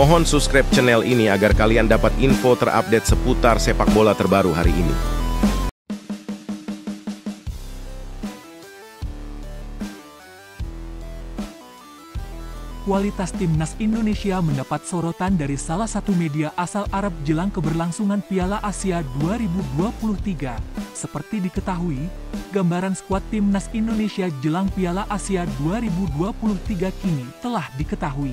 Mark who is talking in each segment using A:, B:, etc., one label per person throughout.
A: Mohon subscribe channel ini agar kalian dapat info terupdate seputar sepak bola terbaru hari ini. Kualitas timnas Indonesia mendapat sorotan dari salah satu media asal Arab jelang keberlangsungan Piala Asia 2023. Seperti diketahui, gambaran skuad timnas Indonesia jelang Piala Asia 2023 kini telah diketahui.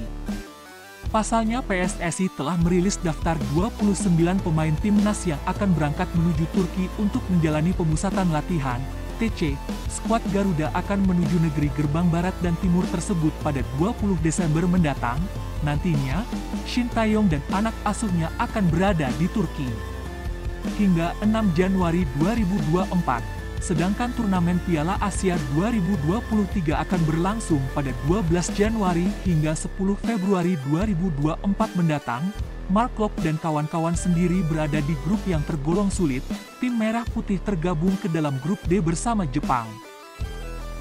A: Pasalnya PSSI telah merilis daftar 29 pemain timnas yang akan berangkat menuju Turki untuk menjalani pemusatan latihan, TC. Skuad Garuda akan menuju negeri gerbang barat dan timur tersebut pada 20 Desember mendatang. Nantinya, Shin Taeyong dan anak asuhnya akan berada di Turki. Hingga 6 Januari 2024, sedangkan turnamen Piala Asia 2023 akan berlangsung pada 12 Januari hingga 10 Februari 2024 mendatang, Mark Klopp dan kawan-kawan sendiri berada di grup yang tergolong sulit, tim merah putih tergabung ke dalam grup D bersama Jepang,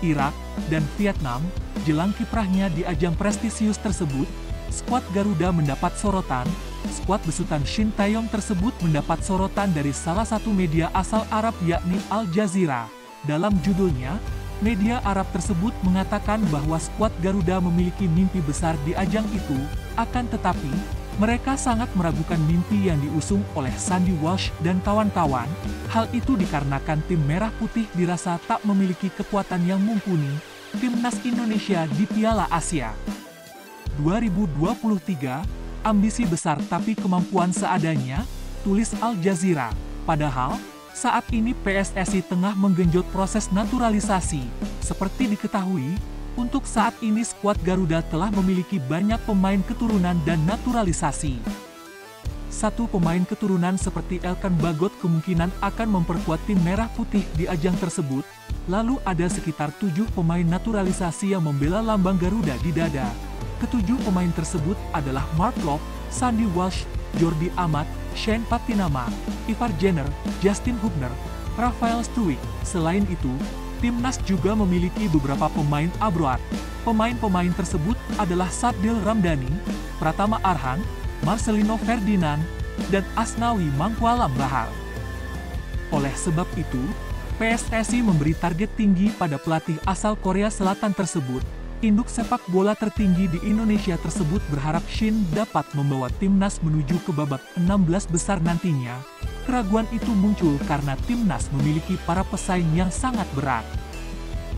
A: Irak, dan Vietnam, jelang kiprahnya di ajang prestisius tersebut, skuad Garuda mendapat sorotan, skuad besutan Shin Taeyong tersebut mendapat sorotan dari salah satu media asal Arab yakni Al Jazeera. Dalam judulnya, media Arab tersebut mengatakan bahwa skuad Garuda memiliki mimpi besar di ajang itu, akan tetapi, mereka sangat meragukan mimpi yang diusung oleh Sandy Walsh dan kawan-kawan. Hal itu dikarenakan tim merah putih dirasa tak memiliki kekuatan yang mumpuni, timnas Indonesia di Piala Asia. 2023 Ambisi besar tapi kemampuan seadanya, tulis Al Jazeera. Padahal, saat ini PSSI tengah menggenjot proses naturalisasi. Seperti diketahui, untuk saat ini skuad Garuda telah memiliki banyak pemain keturunan dan naturalisasi. Satu pemain keturunan seperti Elkan Bagot kemungkinan akan memperkuat tim merah putih di ajang tersebut, lalu ada sekitar tujuh pemain naturalisasi yang membela lambang Garuda di dada. Ketujuh pemain tersebut adalah Mark Klopp, Sandy Walsh, Jordi Amat, Shane Patinama, Ivar Jenner, Justin Hubner, Rafael Stuik. Selain itu, timnas juga memiliki beberapa pemain abroad. Pemain-pemain tersebut adalah Sadil Ramdhani, Pratama Arhan, Marcelino Ferdinand, dan Asnawi Mangkualam Bahar. Oleh sebab itu, PSSI memberi target tinggi pada pelatih asal Korea Selatan tersebut induk sepak bola tertinggi di Indonesia tersebut berharap Shin dapat membawa timnas menuju ke babak 16 besar nantinya. Keraguan itu muncul karena timnas memiliki para pesaing yang sangat berat.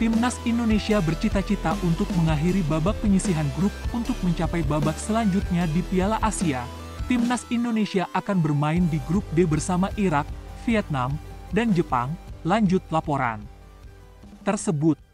A: Timnas Indonesia bercita-cita untuk mengakhiri babak penyisihan grup untuk mencapai babak selanjutnya di Piala Asia. Timnas Indonesia akan bermain di grup D bersama Irak, Vietnam, dan Jepang, lanjut laporan tersebut.